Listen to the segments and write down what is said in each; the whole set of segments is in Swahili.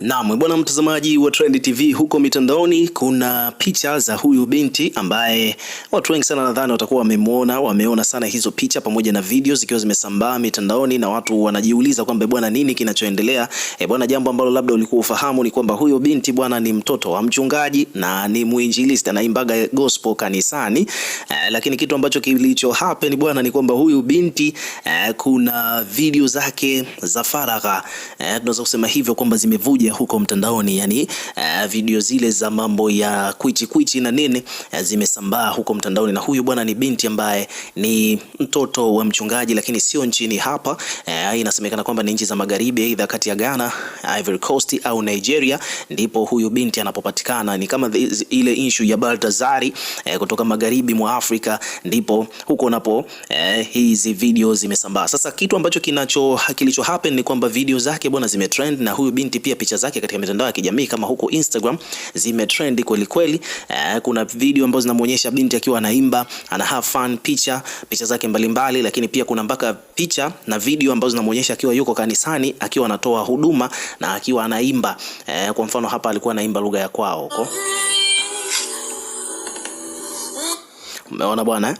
Naam, bwana mtazamaji wa Trend TV, huko mitandaoni kuna picha za huyu binti ambaye watu wengi sana nadhani watakuwa wamemwona, wameona sana hizo picha pamoja na video zikiwa zimesambaa mitandaoni na watu wanajiuliza kwamba bwana, nini kinachoendelea? E bwana, jambo ambalo labda ulikuwa ufahamu ni kwamba huyo binti bwana ni mtoto wa mchungaji na ni mwinjilisti, anaimbaga gospel kanisani E, lakini kitu ambacho kilicho happen bwana ni kwamba huyu binti e, kuna video zake za faragha e, tunaweza kusema hivyo kwamba zimevuja moja huko mtandaoni, yani uh, video zile za mambo ya kwichi kwichi na nini uh, zimesambaa huko mtandaoni, na huyu bwana ni binti ambaye ni mtoto wa mchungaji, lakini sio nchini hapa uh, inasemekana kwamba ni nchi za magharibi, aidha kati ya Ghana, Ivory Coast au Nigeria, ndipo huyu binti anapopatikana. Ni kama ile issue ya Baltazari uh, kutoka magharibi mwa Afrika, ndipo huko napo uh, hizi video zimesambaa. Sasa kitu ambacho kinacho kilicho happen ni kwamba video zake bwana zimetrend na huyu binti pia picha picha zake katika mitandao ya kijamii kama huko Instagram zimetrend kweli kweli. Eh, kuna video ambazo zinamuonyesha binti akiwa anaimba, ana have fun, picha picha zake mbalimbali mbali, lakini pia kuna mpaka picha na video ambazo zinamuonyesha akiwa yuko kanisani akiwa anatoa huduma na akiwa anaimba. Eh, kwa mfano hapa alikuwa anaimba lugha ya kwao huko. Umeona bwana? Eh?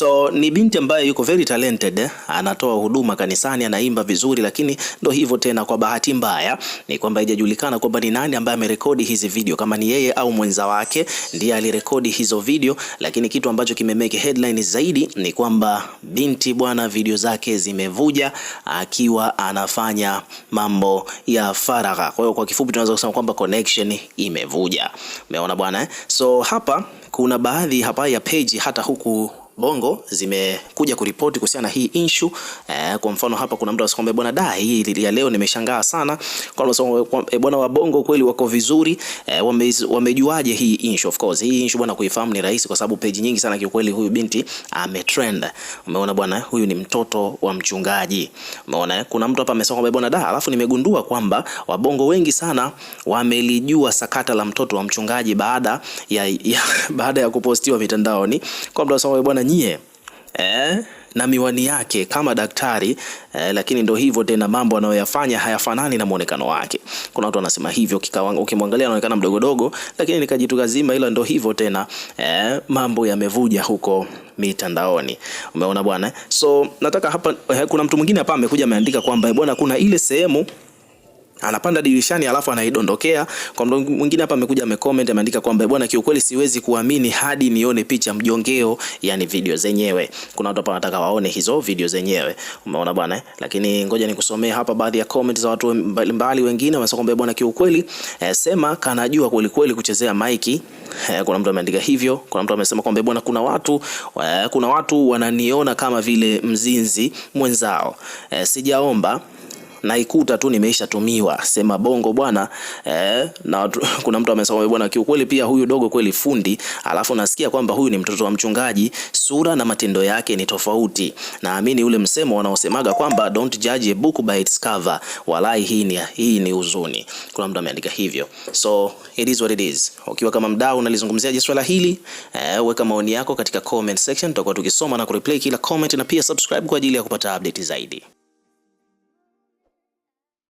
So ni binti ambaye yuko very talented eh? Anatoa huduma kanisani, anaimba vizuri, lakini ndo hivyo tena. Kwa bahati mbaya ni kwamba haijajulikana kwamba ni nani ambaye amerekodi hizi video, kama ni yeye au mwenza wake ndiye alirekodi hizo video. Lakini kitu ambacho kimemeke headline zaidi ni kwamba binti bwana, video zake zimevuja akiwa anafanya mambo ya faragha. Kwa hiyo kwa kifupi tunaweza kusema kwamba connection imevuja. Umeona bwana eh? So hapa kuna baadhi hapa ya page hata huku Bongo zimekuja kuripoti kuhusiana na hii issue eh. Kwa mfano hapa kuna mtu anasema bwana da, hii ya leo nimeshangaa sana, kwa sababu eh, bwana wa Bongo kweli wako vizuri eh, wame, wamejuaje hii issue? Of course hii issue bwana kuifahamu ni rahisi, kwa sababu page nyingi sana kiukweli, huyu binti ametrend. Umeona bwana, huyu ni mtoto wa mchungaji. Umeona eh, kuna mtu hapa amesema bwana da, alafu nimegundua kwamba wabongo wengi sana wamelijua sakata la mtoto wa mchungaji baada ya, ya baada ya kupostiwa mitandaoni kwa mtu anasema bwana nyie eh? na miwani yake kama daktari eh, lakini ndo hivyo tena, mambo anayoyafanya hayafanani na muonekano wake. Kuna watu wanasema hivyo, ukimwangalia anaonekana mdogodogo, lakini nikajituka zima, ila ndo hivyo tena eh, mambo yamevuja huko mitandaoni, umeona bwana. So nataka hapa, eh, kuna mtu mwingine hapa amekuja ameandika kwamba eh, bwana, kuna ile sehemu anapanda dirishani alafu anaidondokea. Kwa mtu mwingine hapa amekuja amecomment ameandika kwamba bwana, kiukweli siwezi kuamini hadi nione picha mjongeo, yani video zenyewe. Kuna watu hapa wanataka waone hizo video zenyewe, umeona bwana eh? Lakini ngoja nikusomee hapa baadhi ya comment za watu mbalimbali. Wengine wanasema kwamba bwana, kiukweli eh, sema kanajua kweli kweli kuchezea maiki eh, kuna mtu ameandika hivyo. Kuna mtu amesema kwamba bwana, kuna watu eh, kuna watu wananiona kama vile mzinzi mwenzao eh, sijaomba naikuta tu nimeisha tumiwa, sema bongo bwana eh, na kuna mtu amesema bwana, kiukweli pia huyu dogo kweli fundi, alafu nasikia kwamba huyu ni mtoto wa mchungaji, sura na matendo yake ni tofauti. Naamini ule msemo wanaosemaga kwamba don't judge a book by its cover, walai hii ni, hii ni uzuni. Kuna mtu ameandika hivyo, so it is what it is. Ukiwa kama mdau unalizungumziaje swala hili eh, weka maoni yako katika comment section, tutakuwa tukisoma na kureply kila comment, na pia subscribe kwa ajili ya kupata update zaidi.